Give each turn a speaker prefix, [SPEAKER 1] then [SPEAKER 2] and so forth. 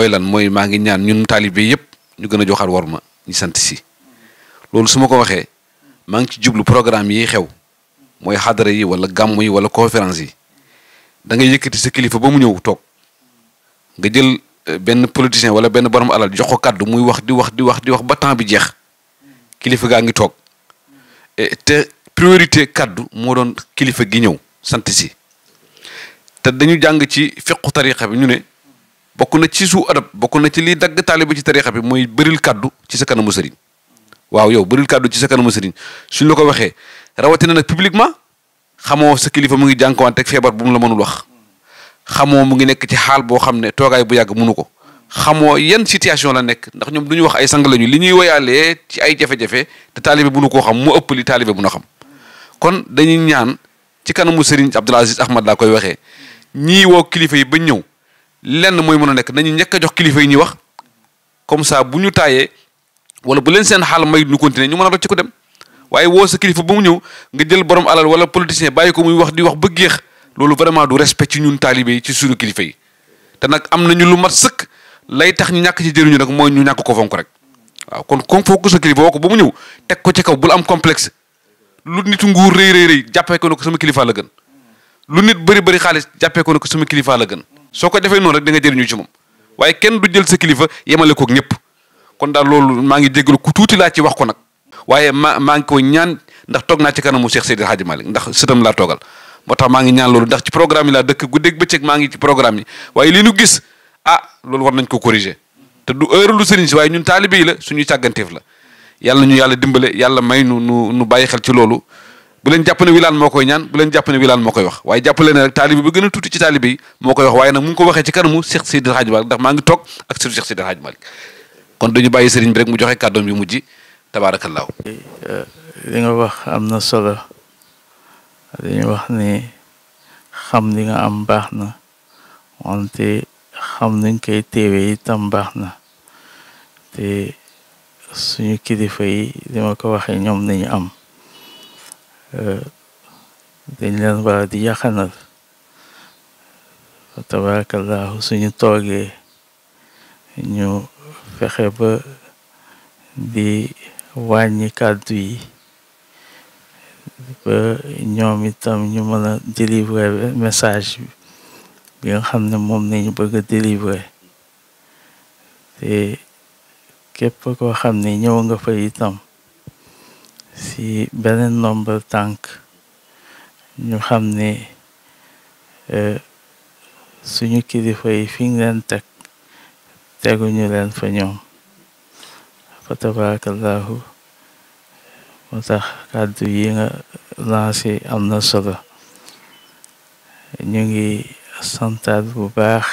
[SPEAKER 1] mooy lan mooy maa ngi ñaan ñun taalibe yëpp ñu gën a joxaat war ma ñu sant si loolu su ma ko waxee maa ngi ci jublu programme yi xew mooy xadara yi walla gàmm yi wala conférence yi da ngay yëkkati sa kilifa ba mu ñëw toog nga jël eh, benn politicien wala benn borom alal jox ko kàddu muy wax di wax di wax di wax ba temps bi jeex kilifa gaa ngi toog eh, te priorité kàddu moo doon kilifa gi ñëw sant si te dañu jàng ci fiqu tariqa bi ñu ne bokk na ci su adab bokk na ci liy dagg taalibe ci tariixa bi mooy bëril kàddu ci sa kanamu sëriñ waaw yow bëril kàddu ci sa kanamu sëriñ suñ la ko waxee rawatina nag publiquement xamoo sa kilifa mu ngi jànkuwanteeg feebar bu mu la mënul wax xamoo mu ngi nekk ci xaal boo xam ne toogaay bu yàgg mënu ko xamoo yan situation la nekk ndax ñoom du wax ay sang lañu li ñuy woyaalee ci ay jafe-jafe te taalibe bu nu koo xam mu ëpp li taalibe bu nu xam kon dañuy ñaan ci kanamu sëriñ Abdoul Aziz Ahmad laa koy waxee ñii woo kilifa yi ba ñëw lenn mooy mën a nekk nañu njëkk a jox kilifa yi ñuy wax comme ça bu ñu taayee wala bu leen seen xaal may ñu continuer ñu mën a rocc ko dem waaye woo sa kilifa ba mu ñëw nga jël borom alal wala politicien bàyyi ko muy wax di wax ba géex loolu vraiment du respect ci ñun taalibe yi ci suñu kilifa yi te nag am nañu lu mat sëkk lay tax ñu ñàkk ci jëriñu nag mooy ñu ñàkk ko fonk rek waaw kon kon sa kilifa woo ko ba mu ñëw teg ko ci kaw bul am complexe lu nitu nguur rëy rëy rëy jàppee ko ne ko sama kilifa la gën lu nit bëri bëri xaalis jàppee ko ne ko sama kilifa la gën soo ko defee noonu rek da jël ñu ci moom waaye kenn du jël sa kilifa yemale kook ñëpp kon daal loolu maa ngi jégalu ku tuuti laa ci wax ko nag waaye maa maa ngi ko ñaan ndax toog naa ci kanamu seex Seydil Hadji Malick ndax sëtam laa toogal moo tax maa ngi ñaan loolu ndax ci programme yi laa dëkk guddeeg bëccëg maa ngi ci programme yi waaye li ñu gis ah loolu war nañ ko corriger te du heure lu sëriñ si waaye ñun taalibe yi la suñuy càgganteef la yàlla ñu yàlla dimbale yàlla may nu nu nu bàyyi xel ci loolu bu leen jàpp ne wilaan moo koy ñaan bu leen jàpp ne wilaan moo koy wax waaye jàppale ne rek taalibi bi gën a tuuti ci taalibi yi moo koy wax waaye nag mu ngi ko waxee ci kanamu Cheikh Seydil Hadj Malick ndax maa ngi toog ak surtout Cheikh Seydil Hadj Malick kon duñu bàyyi sëriñ bi rek mu joxe kàddoom yu mujj tabaarakallaahu
[SPEAKER 2] eh, li nga wax am na solo dañu wax ni xam li nga am baax na wante xam nañ koy téewee itam baax na te suñu kilifa yi li ma ko waxee ñoom nañu am dañ leen war di yaxanal fa tabarakallahu suñu toogee ñu fexe ba di wàññi kàddu yi ba ñoom itam ñu mën a délivrer message bi nga xam ne moom nañu bëgg a délivrer te képp koo xam ne ñëw nga fa itam si beneen nombre tànk ñu xam ni e, suñu kilifa yi fi leen teg teguñu leen fa ñoom fa tabarakallahu moo tax kàddu yi nga lancé am na solo ñu ngi santaat bu baax